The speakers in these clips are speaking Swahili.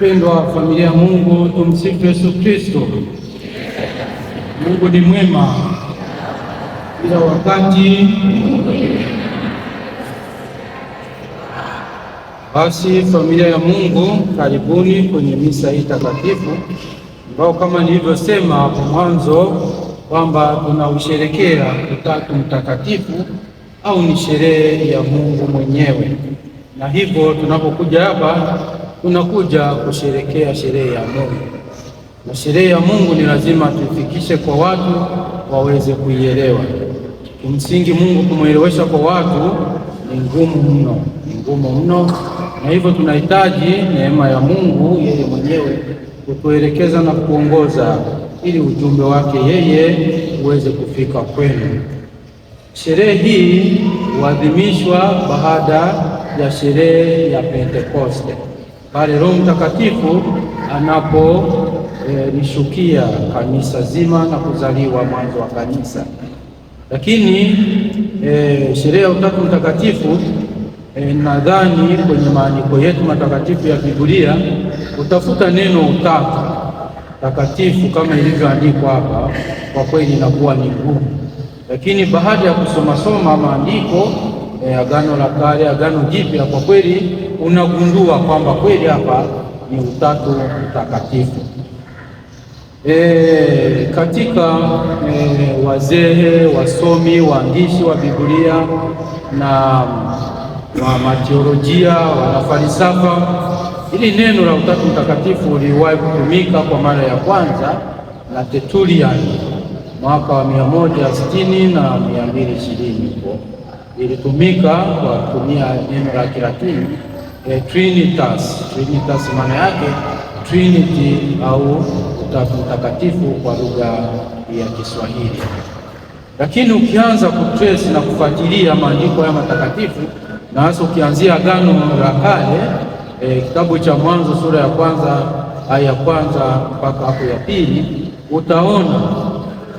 Pendwa familia ya Mungu, tumsifu Yesu Kristo. Mungu ni mwema kila wakati. Basi familia ya Mungu, karibuni kwenye misa hii takatifu ambao kama nilivyosema hapo mwanzo kwamba tunausherekea Utatu Mtakatifu au ni sherehe ya Mungu mwenyewe, na hivyo tunapokuja hapa tunakuja kusherekea sherehe ya Mungu, na sherehe ya Mungu ni lazima tuifikishe kwa watu waweze kuielewa. Kimsingi, Mungu kumwelewesha kwa watu ni ngumu mno, ni ngumu mno, na hivyo tunahitaji neema ya Mungu yeye mwenyewe kutuelekeza na kuongoza ili ujumbe wake yeye uweze kufika kwenu. Sherehe hii huadhimishwa baada ya sherehe ya Pentekoste pale Roho Mtakatifu anapo e, kanisa zima na kuzaliwa mwanzo wa kanisa. Lakini e, sherehe ya Utatu Mtakatifu e, nadhani kwenye maandiko yetu matakatifu ya Biblia utafuta neno utatu takatifu kama ilivyoandikwa hapa, kwa kweli inakuwa ni ngumu, lakini baada ya kusomasoma maandiko e, Agano la Kale, Agano Jipya, kwa kweli unagundua kwamba kweli hapa ni Utatu Mtakatifu. E, katika e, wazee wasomi waandishi wa Biblia na wa matiolojia falsafa, ili neno la Utatu Mtakatifu liliwahi kutumika kwa mara ya kwanza na Tertullian mwaka wa mia moja sitini na mia mbili ishirini huko ilitumika kwa kutumia neno la Kilatini e, trinitas. Trinitas maana yake trinity au utatu mtakatifu kwa lugha ya Kiswahili. Lakini ukianza kutrace na kufuatilia maandiko ya matakatifu na hasa ukianzia Agano la Kale e, kitabu cha Mwanzo sura ya kwanza aya ya kwanza mpaka hapo ya pili utaona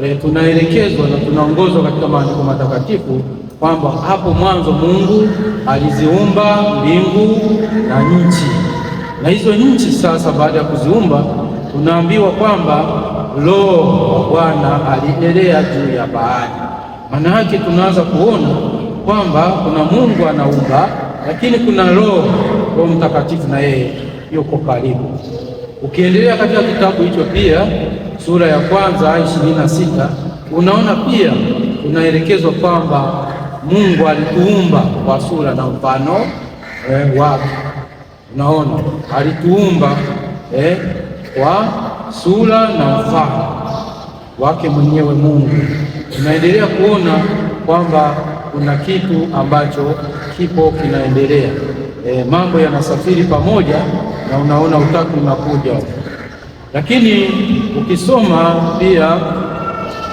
e, tunaelekezwa na tunaongozwa katika maandiko matakatifu kwamba hapo mwanzo Mungu aliziumba mbingu na nchi, na hizo nchi sasa, baada ya kuziumba, tunaambiwa kwamba Roho wa Bwana alielea juu ya bahari. Maana yake tunaanza kuona kwamba kuna Mungu anaumba, lakini kuna Roho, Roho Mtakatifu na yeye yuko karibu. Ukiendelea katika kitabu hicho pia sura ya kwanza ishirini na sita unaona pia unaelekezwa kwamba Mungu alituumba kwa sura na mfano eh, wake. Unaona, alituumba eh, kwa sura na mfano wake mwenyewe Mungu. Tunaendelea kuona kwamba kuna kitu ambacho kipo kinaendelea, eh, mambo yanasafiri pamoja, na unaona utaku unakuja, lakini ukisoma pia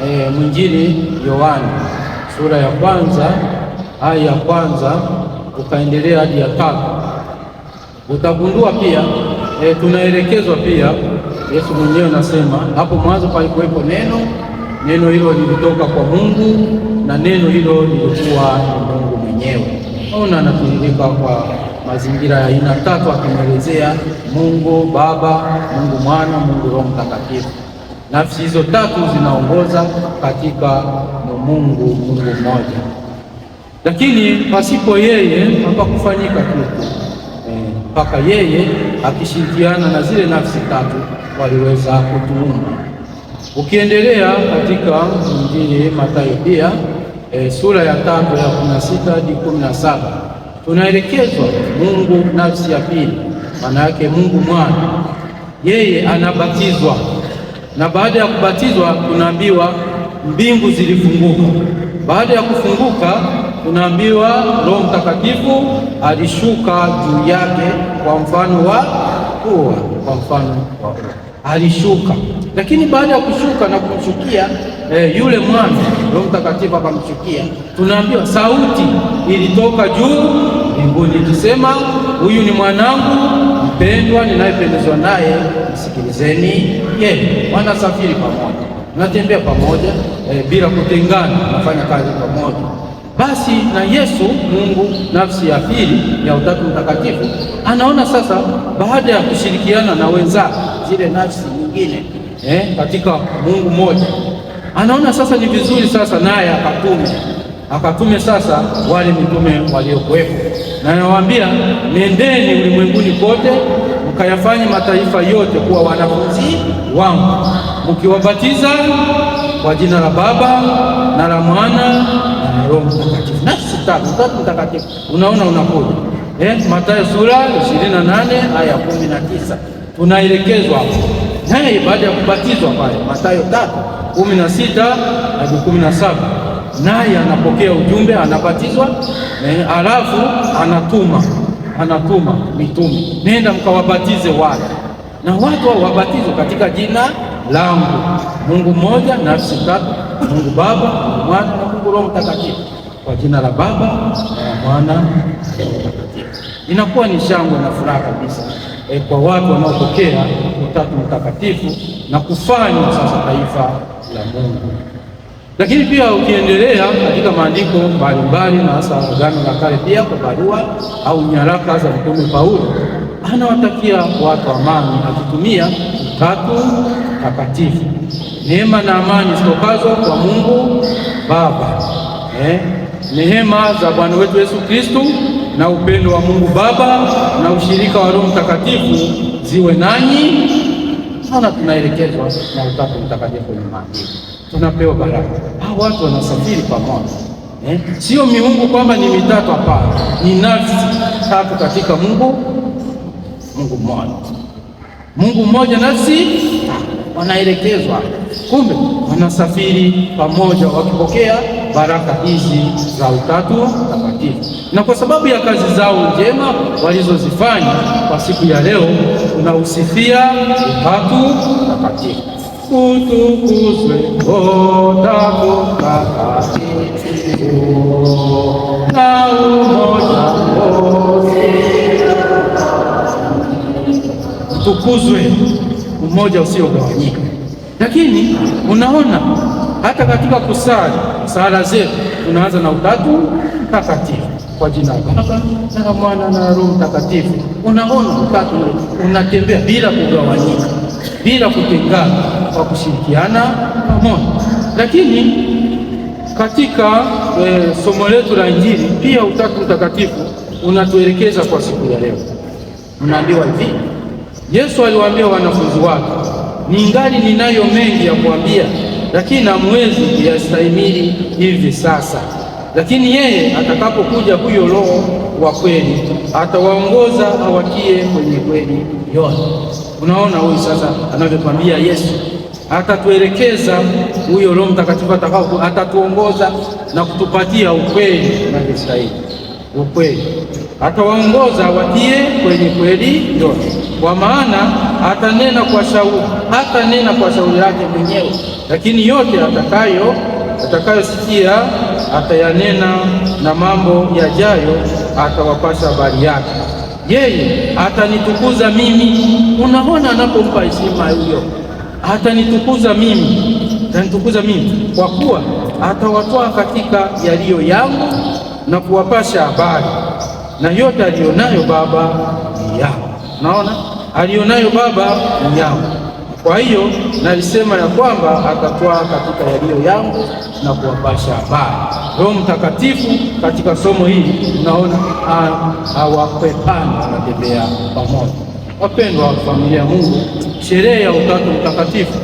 eh, mwinjili Yohana sura ya kwanza aya ya kwanza ukaendelea hadi ya tatu. Utagundua pia e, tunaelekezwa pia, Yesu mwenyewe anasema hapo mwanzo palikuwepo neno, neno hilo lilitoka kwa Mungu na neno hilo lilikuwa ni Mungu mwenyewe. Ona, anatundika kwa mazingira ya aina tatu, akimwelezea Mungu Baba, Mungu Mwana, Mungu Roho Mtakatifu. Nafsi hizo tatu zinaongoza katika Mungu Mungu mmoja, lakini pasipo yeye hapakufanyika kitu eh, mpaka e, yeye akishirikiana na zile nafsi tatu waliweza kutuumba. Ukiendelea katika mwingine Mathayo pia e, sura ya tatu ya kumi na sita hadi kumi na saba tunaelekezwa Mungu nafsi ya pili, maana yake Mungu mwana, yeye anabatizwa na baada ya kubatizwa tunaambiwa mbingu zilifunguka. Baada ya kufunguka, tunaambiwa Roho Mtakatifu alishuka juu yake kwa mfano wa ua, kwa mfano wa alishuka. Lakini baada ya kushuka na kumchukia eh, yule mwana, Roho Mtakatifu akamchukia tunaambiwa sauti ilitoka juu mbinguni ikisema, huyu ni mwanangu mpendwa, ninayependezwa naye, msikilizeni yeye. Wanasafiri pamoja natembea pamoja e, bila kutengana, nafanya kazi pamoja. Basi na Yesu Mungu, nafsi ya pili ya Utatu Mtakatifu, anaona sasa, baada ya kushirikiana na wenzake zile nafsi nyingine eh, katika Mungu mmoja, anaona sasa ni vizuri sasa naye akatume akatume sasa wale mitume waliokuwepo, na anawaambia nendeni ulimwenguni kote mkayafanye mataifa yote kuwa wanafunzi wangu, mkiwabatiza kwa jina la Baba na la Mwana na la Roho Mtakatifu. Nafsi tatu tatu mtakatifu, unaona unakuja. Eh, Mathayo sura 28 aya 19 tunaelekezwa naye baada ya kubatizwa pale, Mathayo tatu kumi na sita hadi kumi na saba naye anapokea ujumbe, anabatizwa, eh, alafu anatuma anatuma mitume, nenda mkawabatize watu na watu hao wabatizwe katika jina langu. Mungu mmoja, nafsi tatu, Mungu Baba, Mungu Mwana na Mungu Roho Mtakatifu. Kwa jina la Baba na Mwana na Roho Mtakatifu. Inakuwa ni shangwe na furaha kabisa e, kwa watu wanaopokea Utatu Mtakatifu na kufanya sasa taifa la Mungu. Lakini pia ukiendelea katika maandiko mbalimbali na hasa Agano la Kale, pia kwa barua au nyaraka za mtume Paulo anawatakia watu amani, akitumia Utatu Takatifu. Neema na amani zitokazwa kwa Mungu Baba eh, nehema za Bwana wetu Yesu Kristo na upendo wa Mungu Baba na ushirika wa Roho Mtakatifu ziwe nanyi. sana tunaelekezwa na Utatu Mtakatifu maandiko tunapewa baraka. Hao watu wanasafiri pamoja eh? Sio miungu kwamba ni mitatu, hapana, ni nafsi tatu katika Mungu, Mungu mmoja, Mungu mmoja, nafsi wanaelekezwa, kumbe wanasafiri pamoja wakipokea baraka hizi za Utatu Mtakatifu. Na kwa sababu ya kazi zao njema walizozifanya kwa siku ya leo, tunausifia Utatu Mtakatifu utukuzwe utako na umoja wote utukuzwe, umoja usiogawanyika. Lakini unaona hata katika kusali sala zetu tunaanza na Utatu Mtakatifu, kwa jina la Baba na Mwana na Roho Mtakatifu. Unaona Utatu unatembea bila kugawanyika, bila kutengana kwa kushirikiana pamoja. Lakini katika e, somo letu la Injili pia Utatu Mtakatifu unatuelekeza kwa siku ya leo. Unaambiwa hivi, Yesu aliwaambia wanafunzi wake, ningali ninayo mengi ya kuambia, lakini hamwezi kuyastahimili hivi sasa lakini yeye atakapokuja huyo Roho wa kweli atawaongoza awatie kwenye kweli yote. Unaona huyu sasa anavyokwambia Yesu atatuelekeza huyo Roho Mtakatifu atakao atatuongoza na kutupatia ukweli unavyostahili. Ukweli atawaongoza watie kwenye kweli yote, kwa maana atanena kwa shauri, hatanena kwa shauri lake mwenyewe, lakini yote atakayo atakayosikia atayanena, na mambo yajayo atawapasha habari yake yeye atanitukuza mimi. Unaona, anapompa heshima hiyo, atanitukuza mimi, atanitukuza mimi kwa kuwa atawatoa katika yaliyo yangu na kuwapasha habari, na yote aliyonayo Baba ni yangu. Unaona, aliyonayo Baba ni yangu. Kwa hiyo nalisema ya kwamba akatwaa katika yaliyo yangu na kuwapasha habari. Roho Mtakatifu katika somo hili tunaona hawakwepana wanatembea pamoja. Wapendwa wa familia Mungu, sherehe ya Utatu Mtakatifu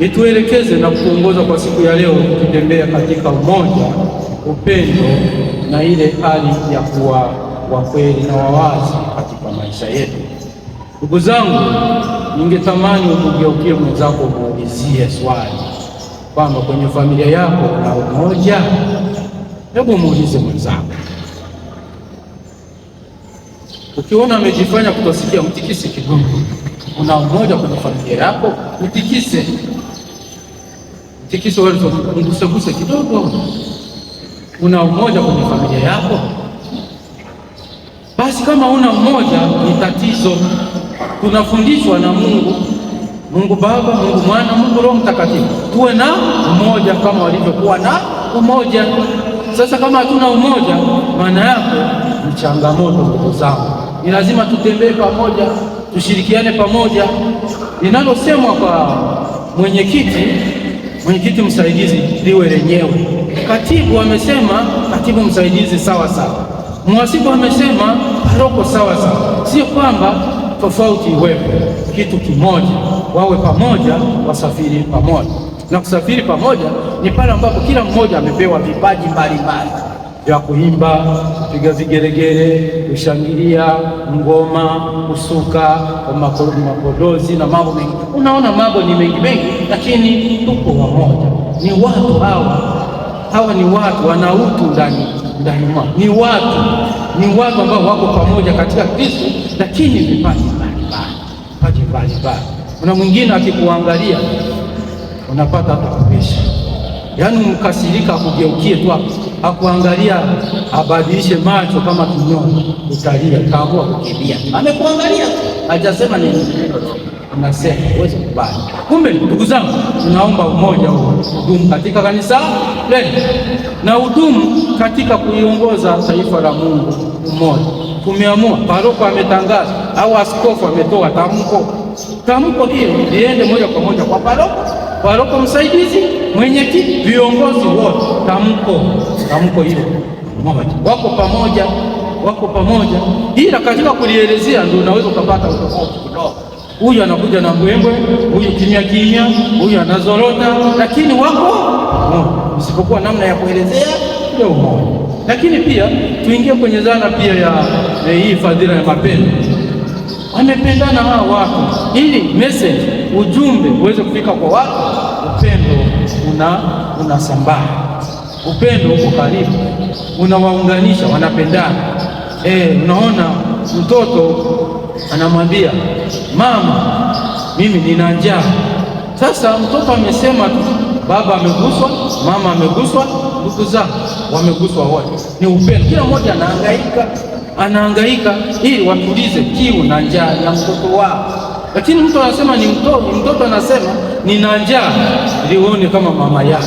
ituelekeze na kuongoza kwa siku ya leo kutembea katika umoja, upendo na ile hali ya kuwa wa kweli na wawazi katika maisha yetu. Ndugu zangu, ningetamani ukugeukie mwenzako muulizie swali kwamba kwenye familia yako kuna umoja. Hebu muulize mwenzako, ukiona amejifanya kutosikia, mtikise kidogo. Kuna umoja kwenye familia yako? Mtikise, mtikise, mguseguse kidogo. Una umoja kwenye familia yako? Basi kama una umoja, ni tatizo tunafundishwa na Mungu Mungu Baba, Mungu Mwana, Mungu Roho Mtakatifu tuwe na umoja kama walivyokuwa na umoja. Sasa kama hatuna umoja, maana yake ni changamoto, ndugu zangu, ni lazima tutembee pamoja, tushirikiane pamoja. Linalosemwa kwa mwenyekiti, mwenyekiti msaidizi liwe lenyewe. Katibu amesema, katibu msaidizi sawa sawa. Mwasibu amesema, paroko sawa sawa, sio kwamba tofauti iwepo, kitu kimoja, wawe pamoja, wasafiri pamoja. Na kusafiri pamoja ni pale ambapo kila mmoja amepewa vipaji mbalimbali vya kuimba, kupiga vigelegele, kushangilia, ngoma, kusuka, makodozi na mambo mengi. Unaona, mambo ni mengi mengi, lakini tuko pamoja. Ni watu hawa, hawa ni watu wana utu ndani ndani mwao, ni watu ni watu ambao wako pamoja katika Kristo, lakini vipaji mbalimbali, vipaji mbalimbali. Kuna mwingine akikuangalia unapata kukuesha, yaani mkasirika akugeukie tu akuangalia, abadilishe macho kama kinyongo, utalia, utaamua kukimbia. Amekuangalia hajasema neno. Anasema uweze kubali. Kumbe ndugu zangu, tunaomba umoja huu udumu katika kanisa letu na udumu katika kuiongoza taifa la Mungu umoja. Tumeamua, paroko ametangaza au askofu ametoa tamko, tamko hiyo liende moja kwa moja kwa paroko, paroko msaidizi, mwenyekiti, viongozi wote. Tamko tamko hiyo moja, wako pamoja, wako pamoja, ila katika kulielezea ndio unaweza ukapata utofauti kidogo huyu anakuja na mbwembwe, huyu kimya kimya, huyu anazorota, lakini wako no, usipokuwa namna ya kuelezea ule umoja. Lakini pia tuingie kwenye dhana pia ya eh, hii fadhila ya mapendo. Wamependana hawa watu ili message, ujumbe uweze kufika kwa watu, upendo unasambaa, upendo uko karibu, unawaunganisha, wanapendana. Eh, unaona mtoto anamwambia mama, mimi nina njaa. Sasa mtoto amesema tu, baba ameguswa, mama ameguswa, ndugu zao wameguswa wote, ni upendo. Kila mmoja anahangaika, anahangaika ili watulize kiu na njaa ya mtoto wao. Lakini mtu anasema ni mtoto, mtoto anasema nina njaa, lione kama mama yako,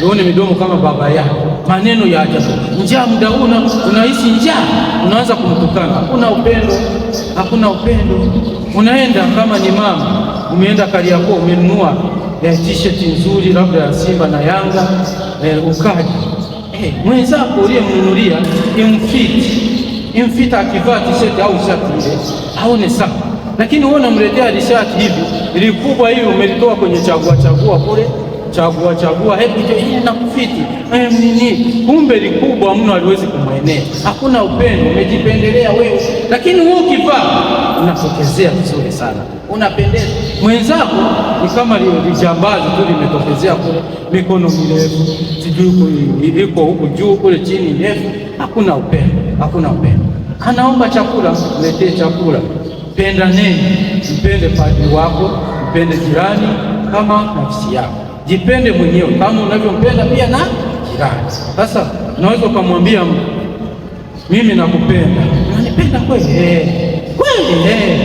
lione midomo kama baba yako, maneno ya ajabu. Njaa muda huu unaishi njaa, unaanza kumtukana, hakuna upendo, hakuna upendo. Unaenda kama ni mama, umeenda Kariakoo, umenunua eh, t-shirt nzuri labda ya Simba na Yanga eh, ukaji eh, mwenzako uliyemnunulia imfiti, imfiti akivaa t-shirt au shati ile aone sawa lakini wewe unamletea lishati hivi likubwa hii umelitoa kwenye chagua chagua kule chagua chagua, hebu je, hii nakufiti eh, nini? Kumbe likubwa mno, aliwezi kumwenea, hakuna upendo, umejipendelea wewe. Lakini wewe ukivaa unapokezea vizuri sana, unapendeza mwenzako, ni kama lijambazi tu limetokezea kule, mikono mirefu, sijui iko huku juu kule chini ndefu, hakuna upendo, hakuna upendo. Anaomba chakula, mletee chakula Pendaneni, mpende padri wako, mpende jirani kama nafsi yako, jipende mwenyewe kama unavyompenda pia na jirani. Sasa unaweza ukamwambia mimi nakupenda, unanipenda kweli eh, kweli, eh.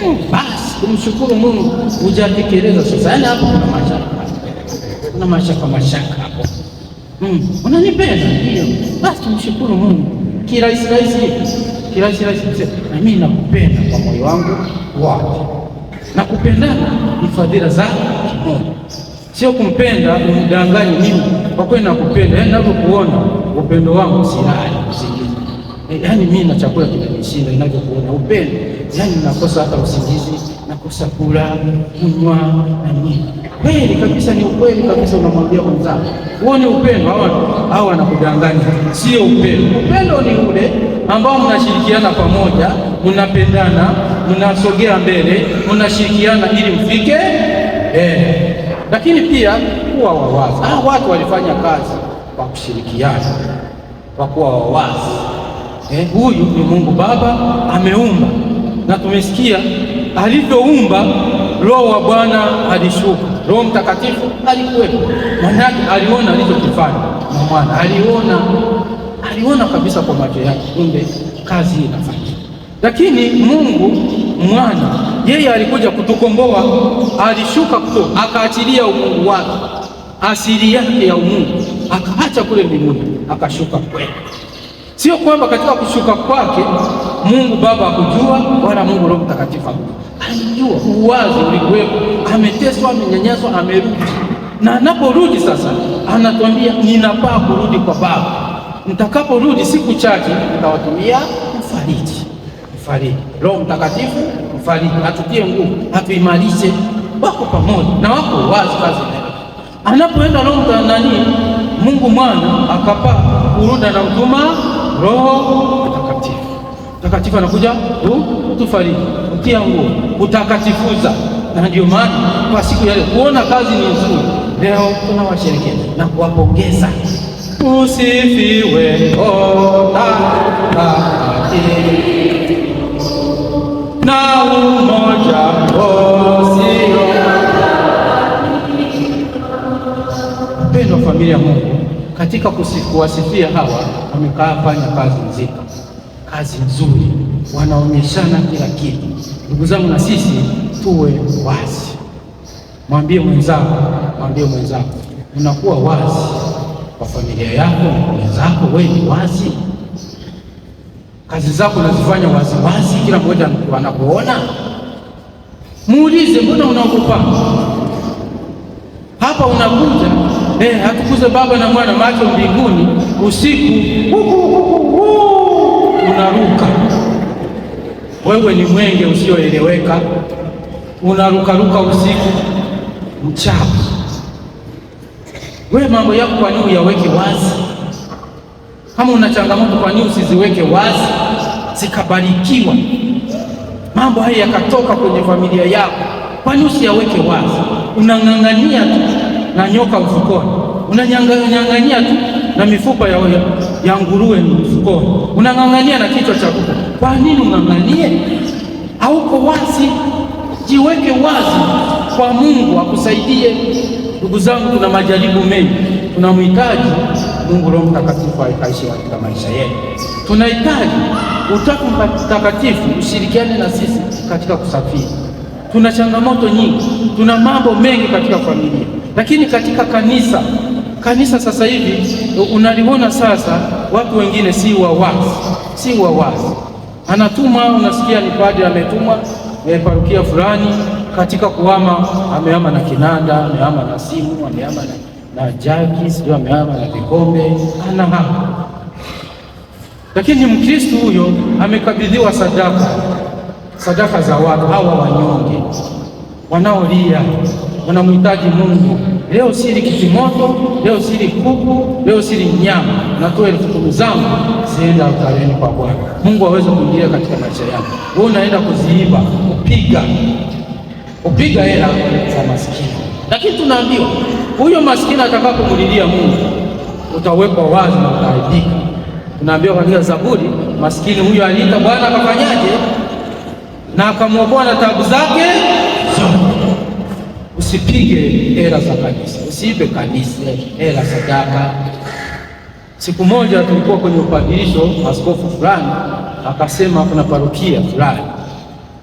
Hmm, basi kumshukuru Mungu, hujatekeleza. Sasa yaani hapo kuna mashaka, kuna mashaka mashaka hapo. Mm, unanipenda ndio, basi kumshukuru Mungu kirahisi rahisi kirahisi rahisi na mimi nakupenda kwa moyo wangu wote. Na kupendana ni fadhila za kimoja, sio kumpenda umdanganye mimi kwa kweli nakupenda, yaani ninavyokuona upendo wangu silali usingizi. Eh, yaani mimi na chakula kinanishinda ninavyokuona upendo, yaani nakosa hata usingizi, nakosa kula kunywa na nini kweli kabisa, ni ukweli kabisa, unamwambia mwenzako. Huo ni upendo. Hawa hawa wanakudanganya, sio upendo. Upendo ni ule ambao mnashirikiana pamoja, mnapendana, mnasogea mbele, mnashirikiana ili mfike eh. Lakini pia kuwa wawazi. Ah, watu walifanya kazi kwa kushirikiana, kwa kuwa wawazi. Eh, huyu ni Mungu Baba ameumba, na tumesikia alivyoumba, Roho wa Bwana alishuka Roho Mtakatifu alikuwepo, manake aliona alichokifanya na mwana, aliona aliona kabisa kwa macho yake, kumbe kazi hii inafanyika. Lakini Mungu mwana yeye alikuja kutukomboa, alishuka kuto, akaachilia umungu wake, asili yake ya umungu, akaacha kule mbinguni, akashuka kwetu. Sio kwamba katika kushuka kwake Mungu Baba akujua wala Mungu Roho Mtakatifu hakujua akijua uwazi ulikuwepo, ameteswa, amenyanyaswa, amerudi. Na anaporudi sasa, anatuambia ninapaa kurudi kwa Baba, nitakaporudi siku chache nitawatumia mfariji. Mfariji Roho Mtakatifu, mfariji atutie nguvu, atuimarishe. Wako pamoja na wako wazi kazi anapoenda Roho mtanani Mungu mwana akapaa kurudi, mtuma Roho Mtakatifu. Mtakatifu anakuja tu kutufariji, kutia nguo, kutakatifuza. Na ndio maana kwa siku ya leo kuona kazi ni nzuri, leo tunawasherekea na kuwapongeza. Usifiwe Otaha na umoja osio mpendo familia Mungu, katika kuwasifia hawa wamekaa fanya kazi nzito kazi nzuri, wanaonyeshana kila kitu. Ndugu zangu, na sisi tuwe wazi. Mwambie mwenzako, mwambie mwenzako, unakuwa wazi kwa familia yako mwenzako. Wewe ni wazi, kazi zako unazifanya wazi wazi, kila mmoja anakuona. Muulize, mbona unaogopa hapa? Unakuja eh, hatukuze baba na mwana, macho mbinguni, usiku huku huku unaruka wewe, ni mwenge usioeleweka, unarukaruka usiku mchana. Wewe mambo yako kwa nini uyaweke wazi? Kama una changamoto, kwa nini usiziweke wazi zikabarikiwa, mambo haya yakatoka kwenye familia yako? Kwa nini usiyaweke wazi? Unang'ang'ania tu na nyoka mfukoni, unanyang'anyania tu na mifupa ya ya nguruwe mfukoni, unang'ang'ania na kichwa cha kuku. Kwa nini ung'ang'anie? Hauko wazi, jiweke wazi kwa Mungu akusaidie. Ndugu zangu, tuna majaribu mengi, tunamhitaji Mungu Roho Mtakatifu aishi katika maisha yetu. Tunahitaji Utatu Mtakatifu ushirikiane na sisi katika kusafiri. Tuna changamoto nyingi, tuna mambo mengi katika familia, lakini katika kanisa Kanisa sasa hivi unaliona sasa, watu wengine si wawazi, si wawazi, anatuma unasikia ni padri ametumwa eh, parukia fulani, katika kuhama amehama na kinanda, amehama na simu, amehama na, na jagi, sio amehama na vikombe, anahama. Lakini Mkristo huyo amekabidhiwa sadaka, sadaka za watu hawa wanyonge wanaolia unamhitaji Mungu. Leo sili kitimoto, leo sili kuku, leo sili nyama, natoa elfu kumi zangu zienda altareni kwa Bwana Mungu aweze kuingia katika maisha yako. Wewe unaenda kuziiba, kupiga kupiga hela za maskini, lakini tunaambiwa huyo maskini atakapomlilia Mungu utawekwa wazi na utaaibika. Tunaambiwa katika Zaburi, maskini huyo aliita Bwana akafanyaje? Na akamwokoa na taabu zake Usipige hela za kanisa, usiipe kanisa hela sadaka. Siku moja tulikuwa kwenye upadilisho, askofu fulani akasema kuna parokia fulani,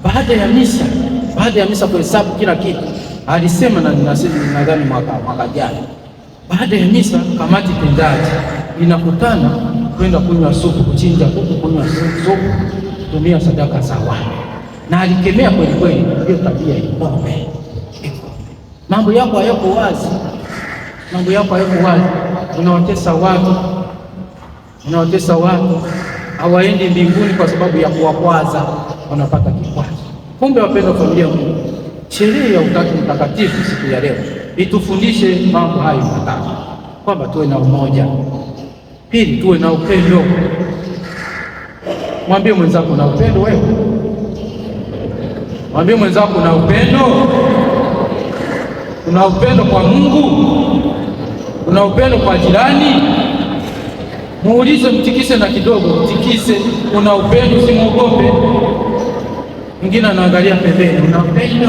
baada ya misa, baada ya misa kuhesabu kila kitu, alisema na nadhani mwaka jana, baada ya misa kamati tendaji inakutana kwenda kunywa supu, kuchinja kuku, kunywa supu, kutumia sadaka za watu, na alikemea kweli kweli hiyo tabia ya pombe mambo yako hayako wazi, mambo yako hayako wazi. Unawatesa watu, unawatesa watu, hawaendi mbinguni kwa sababu ya kuwakwaza, wanapata kikwazo. Kumbe wapendwa familia Mungu, sherehe ya Utatu Mtakatifu siku ya leo itufundishe mambo hayo matatu, kwamba tuwe na umoja, pili tuwe na upendo. Mwambie mwenzako na upendo wewe, mwambie mwenzako na upendo Una upendo kwa Mungu? Una upendo kwa jirani? Muulize, mtikise na kidogo, mtikise. Una upendo, usimwogope. Mwingine anaangalia pembeni, una upendo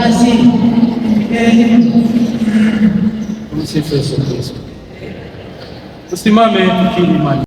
wazi. Msifu Yesu Kristo. Usimame mkili imani.